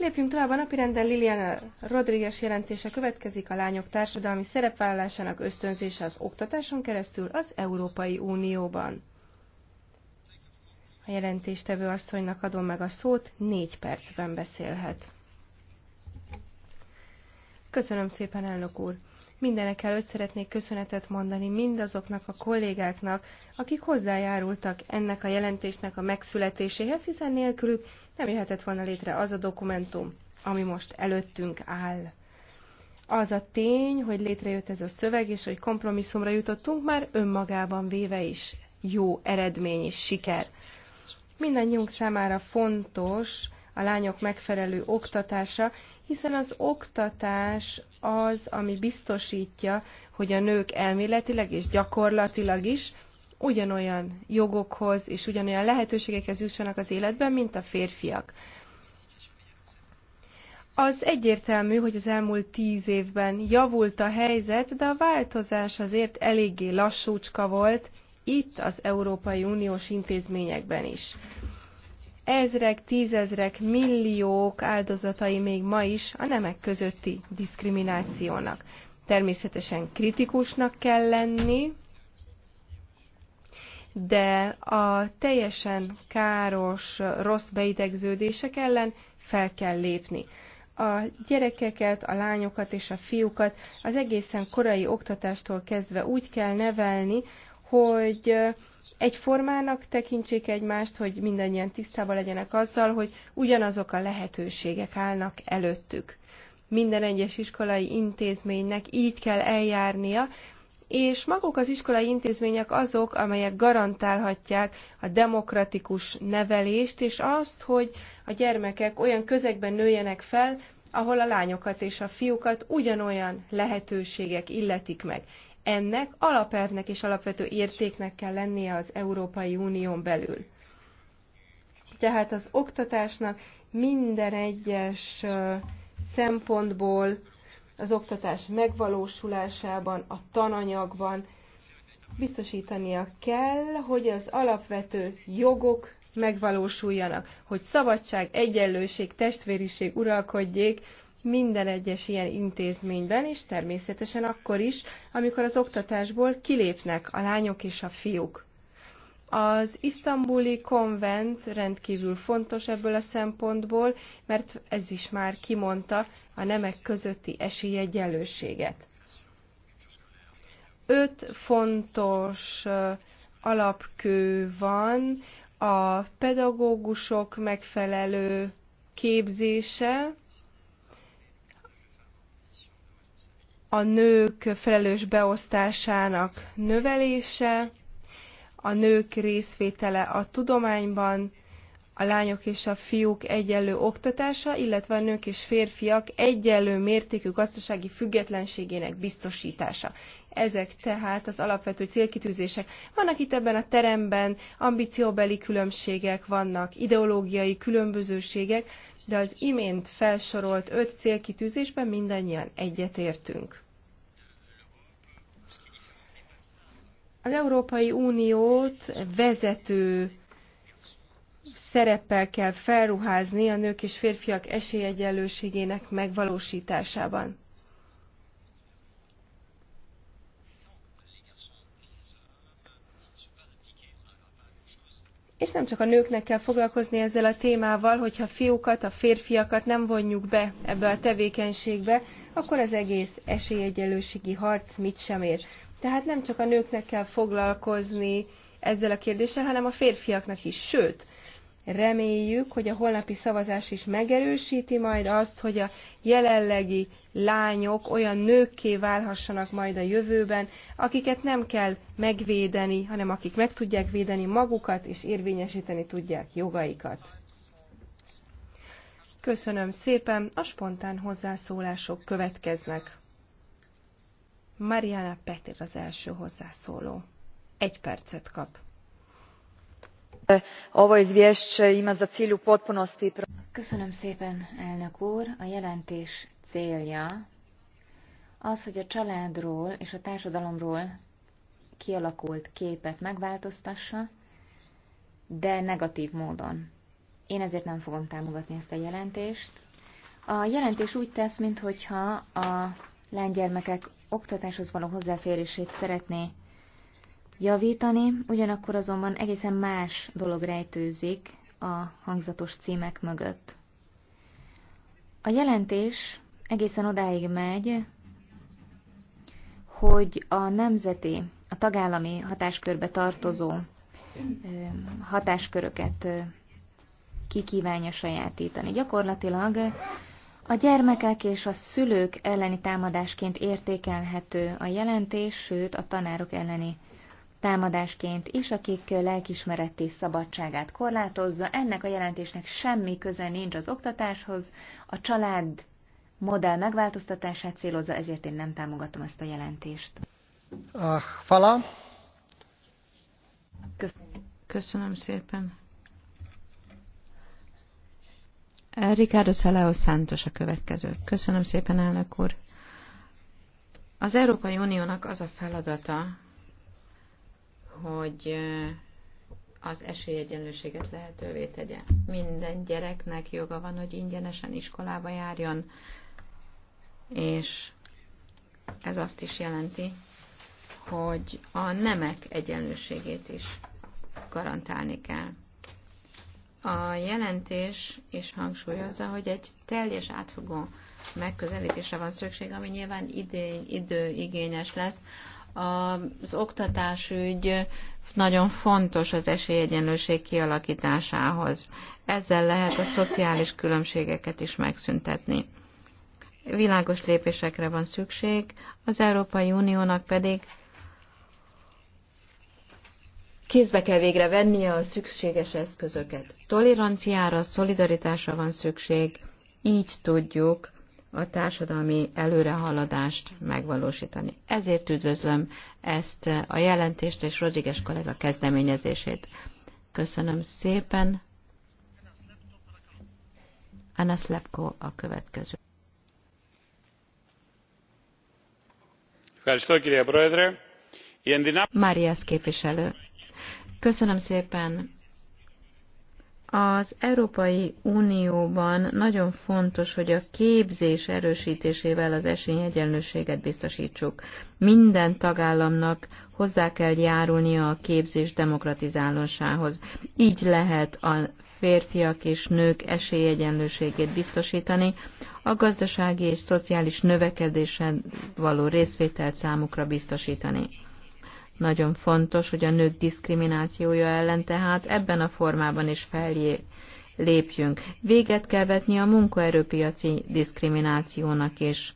Lépjünk tovább a napirenden. Liliana Rodriguez jelentése következik a lányok társadalmi szerepvállalásának ösztönzése az oktatáson keresztül az Európai Unióban. A jelentéstevő asszonynak adom meg a szót, négy percben beszélhet. Köszönöm szépen, elnök úr! Mindenek előtt szeretnék köszönetet mondani mindazoknak a kollégáknak, akik hozzájárultak ennek a jelentésnek a megszületéséhez, hiszen nélkülük nem jöhetett volna létre az a dokumentum, ami most előttünk áll. Az a tény, hogy létrejött ez a szöveg, és hogy kompromisszumra jutottunk, már önmagában véve is jó eredmény és siker. Mindannyiunk számára fontos a lányok megfelelő oktatása, hiszen az oktatás az, ami biztosítja, hogy a nők elméletileg és gyakorlatilag is ugyanolyan jogokhoz és ugyanolyan lehetőségekhez jussanak az életben, mint a férfiak. Az egyértelmű, hogy az elmúlt tíz évben javult a helyzet, de a változás azért eléggé lassúcska volt, itt az Európai Uniós intézményekben is ezrek, tízezrek, milliók áldozatai még ma is a nemek közötti diszkriminációnak. Természetesen kritikusnak kell lenni, de a teljesen káros, rossz beidegződések ellen fel kell lépni. A gyerekeket, a lányokat és a fiúkat az egészen korai oktatástól kezdve úgy kell nevelni, hogy egy formának tekintsék egymást, hogy mindannyian tisztában legyenek azzal, hogy ugyanazok a lehetőségek állnak előttük. Minden egyes iskolai intézménynek így kell eljárnia, és maguk az iskolai intézmények azok, amelyek garantálhatják a demokratikus nevelést, és azt, hogy a gyermekek olyan közegben nőjenek fel, ahol a lányokat és a fiúkat ugyanolyan lehetőségek illetik meg ennek alapelvnek és alapvető értéknek kell lennie az Európai Unión belül. Tehát az oktatásnak minden egyes szempontból az oktatás megvalósulásában, a tananyagban biztosítania kell, hogy az alapvető jogok megvalósuljanak, hogy szabadság, egyenlőség, testvériség uralkodjék minden egyes ilyen intézményben, és természetesen akkor is, amikor az oktatásból kilépnek a lányok és a fiúk. Az isztambuli konvent rendkívül fontos ebből a szempontból, mert ez is már kimondta a nemek közötti esélyegyenlőséget. Öt fontos alapkő van, a pedagógusok megfelelő képzése, a nők felelős beosztásának növelése, a nők részvétele a tudományban, a lányok és a fiúk egyenlő oktatása, illetve a nők és férfiak egyenlő mértékű gazdasági függetlenségének biztosítása. Ezek tehát az alapvető célkitűzések. Vannak itt ebben a teremben ambícióbeli különbségek, vannak ideológiai különbözőségek, de az imént felsorolt öt célkitűzésben mindannyian egyetértünk. Az Európai Uniót vezető szereppel kell felruházni a nők és férfiak esélyegyenlőségének megvalósításában. És nem csak a nőknek kell foglalkozni ezzel a témával, hogyha fiúkat, a férfiakat nem vonjuk be ebbe a tevékenységbe, akkor az egész esélyegyenlőségi harc mit sem ér. Tehát nem csak a nőknek kell foglalkozni ezzel a kérdéssel, hanem a férfiaknak is. Sőt, Reméljük, hogy a holnapi szavazás is megerősíti majd azt, hogy a jelenlegi lányok olyan nőkké válhassanak majd a jövőben, akiket nem kell megvédeni, hanem akik meg tudják védeni magukat és érvényesíteni tudják jogaikat. Köszönöm szépen, a spontán hozzászólások következnek. Mariana Petir az első hozzászóló. Egy percet kap. E, ovo izvješće ima za cilj u potpunosti. köszönöm szépen elnök úr a jelentés célja az hogy a családról és a társadalomról kialakult képet megváltoztassa de negatív módon. Én ezért nem fogom támogatni ezt a jelentést. A jelentés úgy tesz, mintha a lánygyermekek oktatáshoz való hozzáférését szeretné javítani, ugyanakkor azonban egészen más dolog rejtőzik a hangzatos címek mögött. A jelentés egészen odáig megy, hogy a nemzeti, a tagállami hatáskörbe tartozó hatásköröket ki kívánja sajátítani. Gyakorlatilag a gyermekek és a szülők elleni támadásként értékelhető a jelentés, sőt a tanárok elleni támadásként és akik lelkismereti szabadságát korlátozza. Ennek a jelentésnek semmi köze nincs az oktatáshoz, a család modell megváltoztatását célozza, ezért én nem támogatom ezt a jelentést. Uh, fala. Köszönöm. Köszönöm szépen. Eh, Ricardo Saleo Santos a következő. Köszönöm szépen, elnök úr. Az Európai Uniónak az a feladata, hogy az esélyegyenlőséget lehetővé tegye. Minden gyereknek joga van, hogy ingyenesen iskolába járjon, és ez azt is jelenti, hogy a nemek egyenlőségét is garantálni kell. A jelentés is hangsúlyozza, hogy egy teljes átfogó megközelítése van szükség, ami nyilván idő, időigényes lesz. Az oktatásügy nagyon fontos az esélyegyenlőség kialakításához. Ezzel lehet a szociális különbségeket is megszüntetni. Világos lépésekre van szükség, az Európai Uniónak pedig kézbe kell végre vennie a szükséges eszközöket. Toleranciára, szolidaritásra van szükség, így tudjuk a társadalmi előrehaladást megvalósítani. Ezért üdvözlöm ezt a jelentést és Rodriguez kollega kezdeményezését. Köszönöm szépen. Anna Slepko a következő. Marias képviselő. Köszönöm szépen, az Európai Unióban nagyon fontos, hogy a képzés erősítésével az esélyegyenlőséget biztosítsuk. Minden tagállamnak hozzá kell járulnia a képzés demokratizálásához. Így lehet a férfiak és nők esélyegyenlőségét biztosítani, a gazdasági és szociális növekedésen való részvételt számukra biztosítani. Nagyon fontos, hogy a nők diszkriminációja ellen tehát ebben a formában is feljé lépjünk. Véget kell vetni a munkaerőpiaci diszkriminációnak is.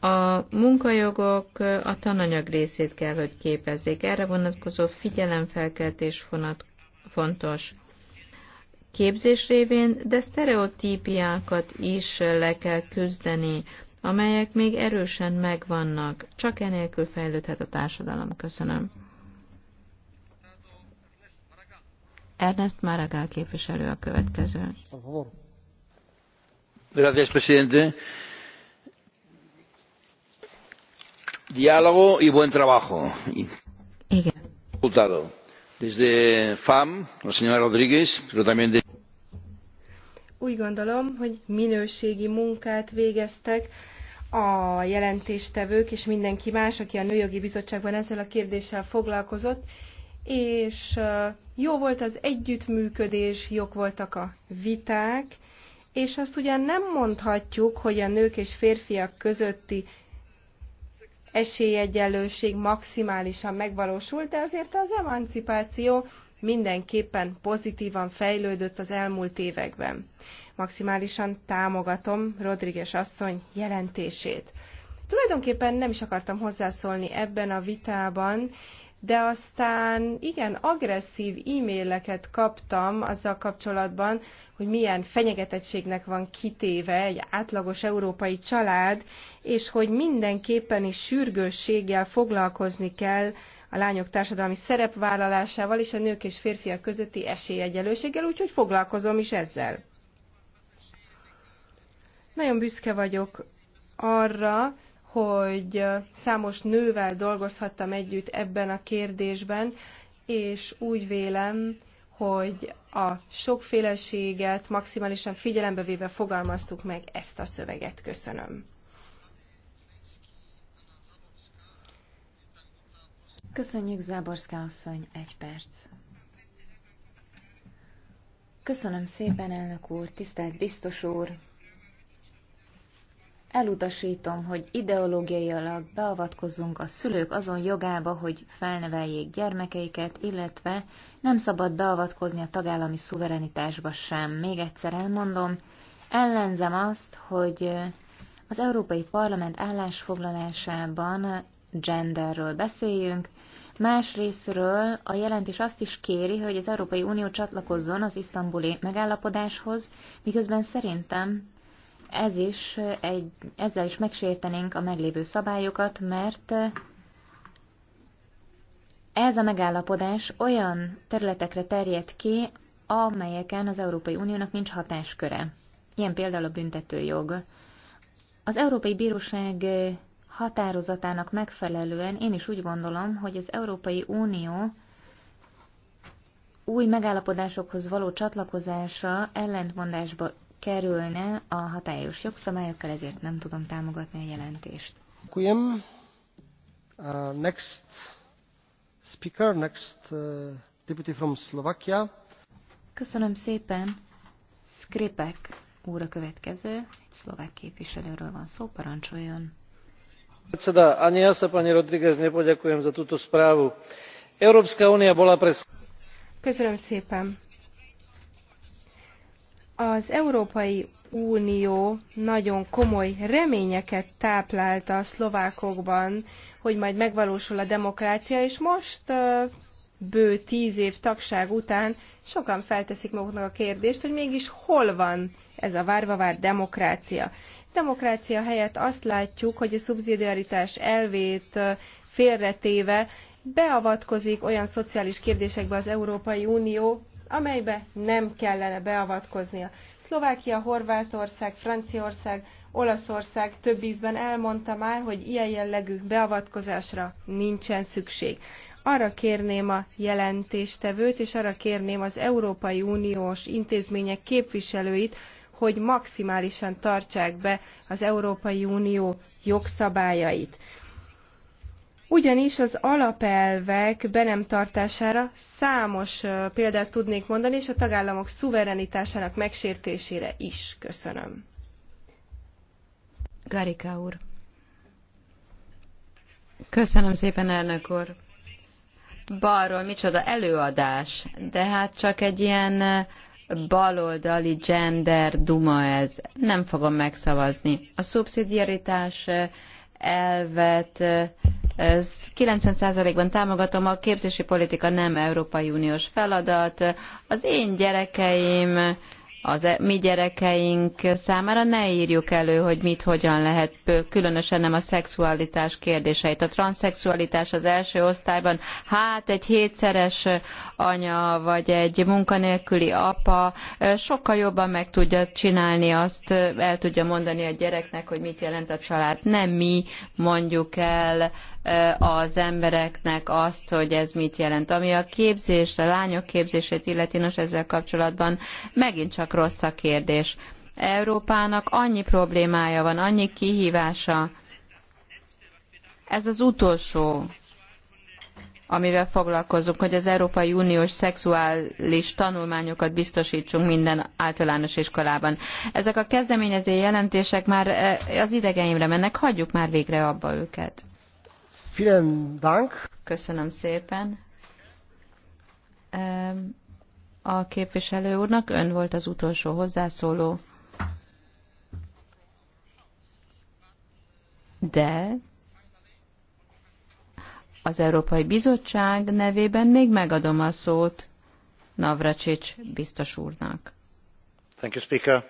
A munkajogok a tananyag részét kell, hogy képezzék. Erre vonatkozó figyelemfelkeltés vonat, fontos. Képzés révén, de sztereotípiákat is le kell küzdeni amelyek még erősen megvannak, csak enélkül fejlődhet a társadalom. Köszönöm. Ernest Maragall képviselő a következő. Gracias, presidente. Diálogo y buen trabajo. Igen. Resultado. Desde FAM, la señora Rodríguez, pero también de úgy gondolom, hogy minőségi munkát végeztek a jelentéstevők és mindenki más, aki a Nőjogi Bizottságban ezzel a kérdéssel foglalkozott, és jó volt az együttműködés, jók voltak a viták, és azt ugyan nem mondhatjuk, hogy a nők és férfiak közötti esélyegyenlőség maximálisan megvalósult, de azért az emancipáció mindenképpen pozitívan fejlődött az elmúlt években. Maximálisan támogatom Rodriguez asszony jelentését. Tulajdonképpen nem is akartam hozzászólni ebben a vitában, de aztán igen, agresszív e-maileket kaptam azzal kapcsolatban, hogy milyen fenyegetettségnek van kitéve egy átlagos európai család, és hogy mindenképpen is sürgősséggel foglalkozni kell a lányok társadalmi szerepvállalásával és a nők és férfiak közötti esélyegyelőséggel, úgyhogy foglalkozom is ezzel. Nagyon büszke vagyok arra, hogy számos nővel dolgozhattam együtt ebben a kérdésben, és úgy vélem, hogy a sokféleséget maximálisan figyelembe véve fogalmaztuk meg ezt a szöveget. Köszönöm. Köszönjük, Záborszka asszony, egy perc. Köszönöm szépen, elnök úr, tisztelt biztos úr. Elutasítom, hogy ideológiailag beavatkozunk a szülők azon jogába, hogy felneveljék gyermekeiket, illetve nem szabad beavatkozni a tagállami szuverenitásba sem. Még egyszer elmondom, ellenzem azt, hogy az Európai Parlament állásfoglalásában genderről beszéljünk, Más részről a jelentés azt is kéri, hogy az Európai Unió csatlakozzon az isztambuli megállapodáshoz, miközben szerintem ez is egy, ezzel is megsértenénk a meglévő szabályokat, mert ez a megállapodás olyan területekre terjed ki, amelyeken az Európai Uniónak nincs hatásköre. Ilyen például a büntetőjog. Az Európai Bíróság határozatának megfelelően én is úgy gondolom, hogy az Európai Unió új megállapodásokhoz való csatlakozása ellentmondásba kerülne a hatályos jogszabályokkal, ezért nem tudom támogatni a jelentést. Köszönöm. Uh, next speaker, next uh, deputy from Slovakia. Köszönöm szépen. Skripek úr a következő, egy szlovák képviselőről van szó, parancsoljon ani ja sa pani rodriguez nepoďakujem za túto správu. európska únia bola pre. köszönöm szépen. az európai unió nagyon komoly reményeket táplált a szlovákokban hogy majd megvalósul a demokrácia és most bő tíz év tagság után sokan felteszik maguknak a kérdést hogy mégis hol van ez a várva várt demokrácia. Demokrácia helyett azt látjuk, hogy a szubszidiaritás elvét félretéve beavatkozik olyan szociális kérdésekbe az Európai Unió, amelybe nem kellene beavatkoznia. Szlovákia, Horvátország, Franciaország, Olaszország több ízben elmondta már, hogy ilyen jellegű beavatkozásra nincsen szükség. Arra kérném a jelentéstevőt, és arra kérném az Európai Uniós intézmények képviselőit, hogy maximálisan tartsák be az Európai Unió jogszabályait. Ugyanis az alapelvek be nem tartására számos példát tudnék mondani, és a tagállamok szuverenitásának megsértésére is. Köszönöm. Garika úr. Köszönöm szépen, elnök úr. Balról micsoda előadás, de hát csak egy ilyen baloldali gender duma ez. Nem fogom megszavazni. A szubszidiaritás elvet 90%-ban támogatom, a képzési politika nem Európai Uniós feladat. Az én gyerekeim az e- mi gyerekeink számára ne írjuk elő, hogy mit, hogyan lehet, különösen nem a szexualitás kérdéseit. A transzexualitás az első osztályban, hát egy hétszeres anya, vagy egy munkanélküli apa sokkal jobban meg tudja csinálni azt, el tudja mondani a gyereknek, hogy mit jelent a család. Nem mi mondjuk el az embereknek azt, hogy ez mit jelent. Ami a képzés, a lányok képzését illeti, nos ezzel kapcsolatban megint csak rossz a kérdés. Európának annyi problémája van, annyi kihívása. Ez az utolsó amivel foglalkozunk, hogy az Európai Uniós szexuális tanulmányokat biztosítsunk minden általános iskolában. Ezek a kezdeményező jelentések már az idegeimre mennek, hagyjuk már végre abba őket. Vielen Dank. Köszönöm szépen. A képviselő úrnak ön volt az utolsó hozzászóló. De az Európai Bizottság nevében még megadom a szót Navracsics biztos úrnak. Thank you, Speaker.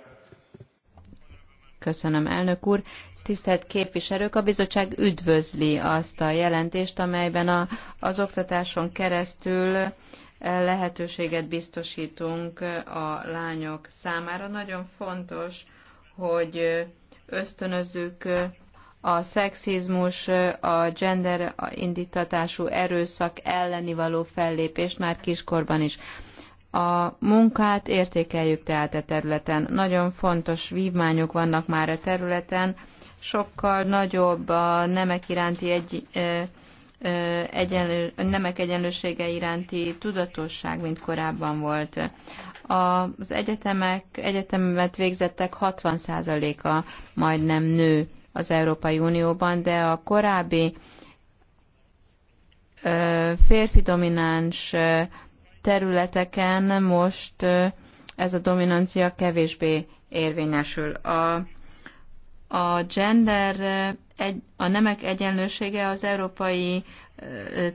Köszönöm, elnök úr. Tisztelt képviselők, a bizottság üdvözli azt a jelentést, amelyben a, az oktatáson keresztül eh, lehetőséget biztosítunk eh, a lányok számára. Nagyon fontos, hogy eh, ösztönözzük a szexizmus, a gender indítatású erőszak elleni való fellépést már kiskorban is. A munkát értékeljük tehát a e területen. Nagyon fontos vívmányok vannak már a e területen, sokkal nagyobb a nemek iránti egy, ö, ö, egyenlő, nemek egyenlősége iránti tudatosság, mint korábban volt. Az egyetemek, egyetemet végzettek 60%-a majdnem nő az Európai Unióban, de a korábbi ö, férfi domináns területeken most ez a dominancia kevésbé érvényesül. A a gender, egy, a nemek egyenlősége az európai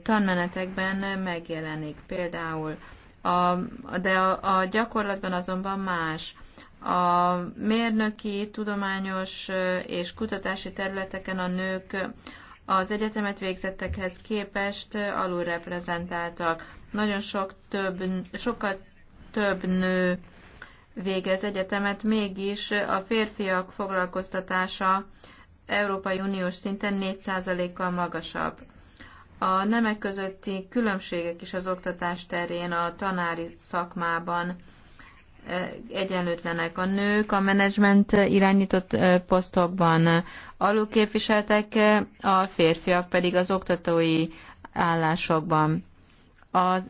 tanmenetekben megjelenik például. A, de a, a gyakorlatban azonban más. A mérnöki, tudományos és kutatási területeken a nők az egyetemet végzettekhez képest alulreprezentáltak. Nagyon sok több, sokkal több nő végez egyetemet, mégis a férfiak foglalkoztatása Európai Uniós szinten 4%-kal magasabb. A nemek közötti különbségek is az oktatás terén, a tanári szakmában e, egyenlőtlenek a nők, a menedzsment irányított e, posztokban alulképviseltek, e, a férfiak pedig az oktatói állásokban. Az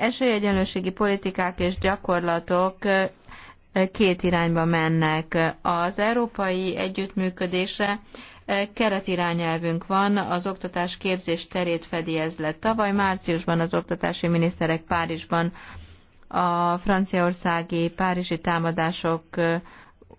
esélyegyenlőségi politikák és gyakorlatok két irányba mennek. Az európai együttműködésre keretirányelvünk van, az oktatás képzés terét fedi ez le. Tavaly márciusban az oktatási miniszterek Párizsban a franciaországi párizsi támadások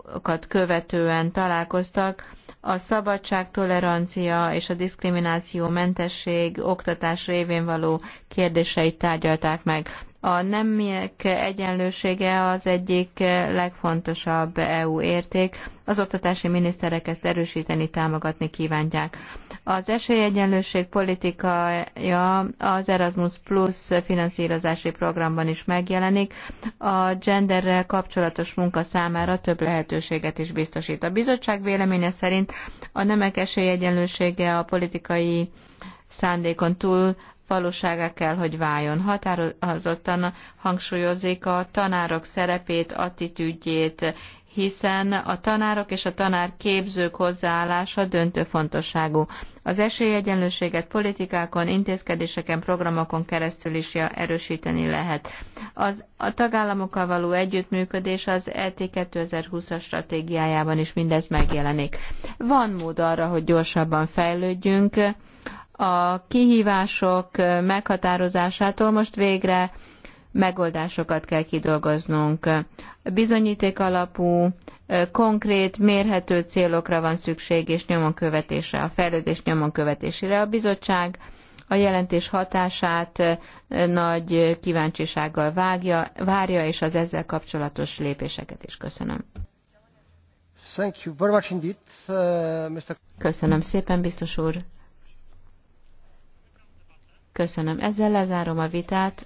választásokat követően találkoztak, a szabadság, tolerancia és a diszkrimináció mentesség oktatás révén való kérdéseit tárgyalták meg. A nemiek egyenlősége az egyik legfontosabb EU érték. Az oktatási miniszterek ezt erősíteni, támogatni kívánják. Az esélyegyenlőség politikája az Erasmus Plus finanszírozási programban is megjelenik. A genderrel kapcsolatos munka számára több lehetőséget is biztosít. A bizottság véleménye szerint a nemek esélyegyenlősége a politikai szándékon túl valóságá kell, hogy váljon. Határozottan hangsúlyozik a tanárok szerepét, attitűdjét, hiszen a tanárok és a tanár képzők hozzáállása döntő fontosságú. Az esélyegyenlőséget politikákon, intézkedéseken, programokon keresztül is erősíteni lehet. Az, a tagállamokkal való együttműködés az ET 2020-as stratégiájában is mindez megjelenik. Van mód arra, hogy gyorsabban fejlődjünk, a kihívások meghatározásától most végre megoldásokat kell kidolgoznunk. Bizonyíték alapú, konkrét, mérhető célokra van szükség, és nyomon követésre, a fejlődés nyomon követésére. A bizottság a jelentés hatását eh, nagy kíváncsisággal vágja, várja, és az ezzel kapcsolatos lépéseket is köszönöm. Thank you very much indeed, uh, Mr. Köszönöm szépen, biztos úr. Köszönöm. Ezzel lezárom a vitát.